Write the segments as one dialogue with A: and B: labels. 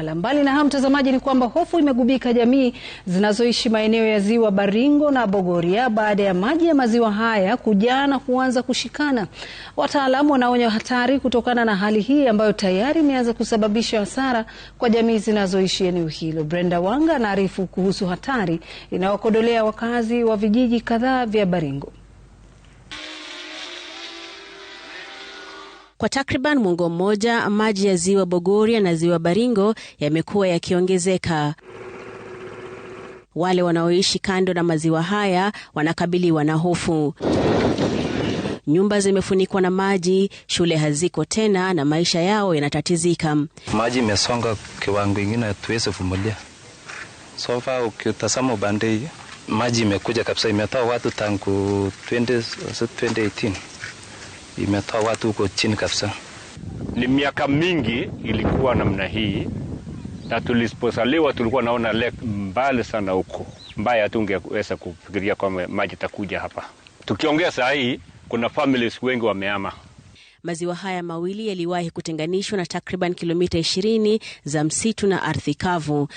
A: Mala. Mbali na hayo, mtazamaji, ni kwamba hofu imegubika jamii zinazoishi maeneo ya ziwa Baringo na Bogoria baada ya maji ya maziwa haya kujaa na kuanza kushikana. Wataalamu wanaonya hatari kutokana na hali hii ambayo tayari imeanza kusababisha hasara kwa jamii zinazoishi eneo hilo. Brenda Wanga anaarifu kuhusu hatari inayokodolea wakazi wa vijiji kadhaa vya Baringo. Kwa takriban mwongo mmoja, maji ya ziwa Bogoria na ziwa Baringo yamekuwa yakiongezeka. Wale wanaoishi kando na maziwa haya wanakabiliwa na hofu. Nyumba zimefunikwa na maji, shule haziko tena na maisha yao yanatatizika.
B: Maji imesonga kiwango ingine, hatuwezi vumilia. Sofa ukitazama upande, maji imekuja kabisa, imetoa watu tangu 20, 2018 imetoa watu huko chini kabisa.
C: Ni miaka mingi ilikuwa namna hii, na tulisposaliwa tulikuwa naona lek mbali sana huko, mbaya hatungeweza kufikiria kwamba maji takuja hapa. Tukiongea saa hii kuna families wengi wameama.
A: Maziwa haya mawili yaliwahi kutenganishwa na takriban kilomita 20 za msitu na ardhi kavu,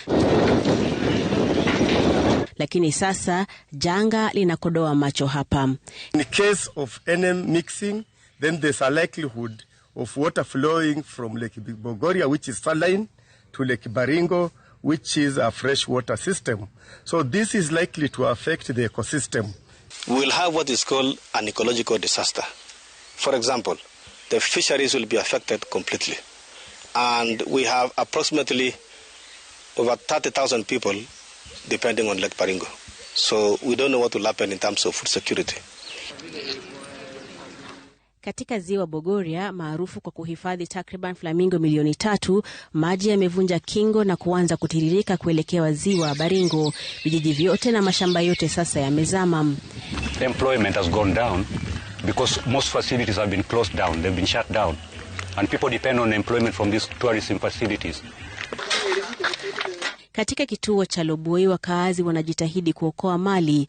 A: lakini sasa janga linakodoa macho hapa.
D: In case of NM mixing then there's a likelihood of water flowing from Lake Bogoria, which is saline, to Lake Baringo, which is a freshwater system. So this is likely to affect the ecosystem.
E: We will have what is called an ecological disaster. For example, the fisheries will be affected completely. And we have approximately over 30,000 people depending on Lake Baringo. So we don't know what will happen in terms of food security.
A: Katika ziwa Bogoria maarufu kwa kuhifadhi takriban flamingo milioni tatu, maji yamevunja kingo na kuanza kutiririka kuelekea ziwa Baringo. Vijiji vyote na mashamba yote sasa yamezama.
F: Employment has gone down because most facilities have been closed down. They've been shut down and people depend on employment from these tourism facilities.
A: Katika kituo cha Loboi wakaazi wanajitahidi kuokoa mali.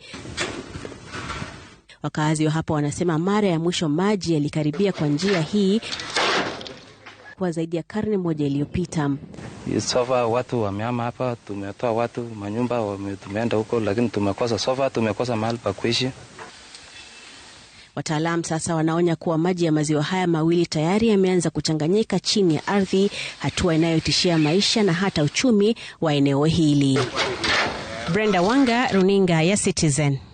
A: Wakazi wa hapa wanasema mara ya mwisho maji yalikaribia kwa njia hii kwa zaidi ya karne moja iliyopita.
B: Sofa watu wameama hapa, tumetoa watu manyumba tumeenda huko, lakini tumekosa sofa, tumekosa mahali pa kuishi.
A: wataalam sasa wanaonya kuwa maji ya maziwa haya mawili tayari yameanza kuchanganyika chini ya ardhi, hatua inayotishia maisha na hata uchumi wa eneo hili. Brenda Wanga, runinga ya Citizen.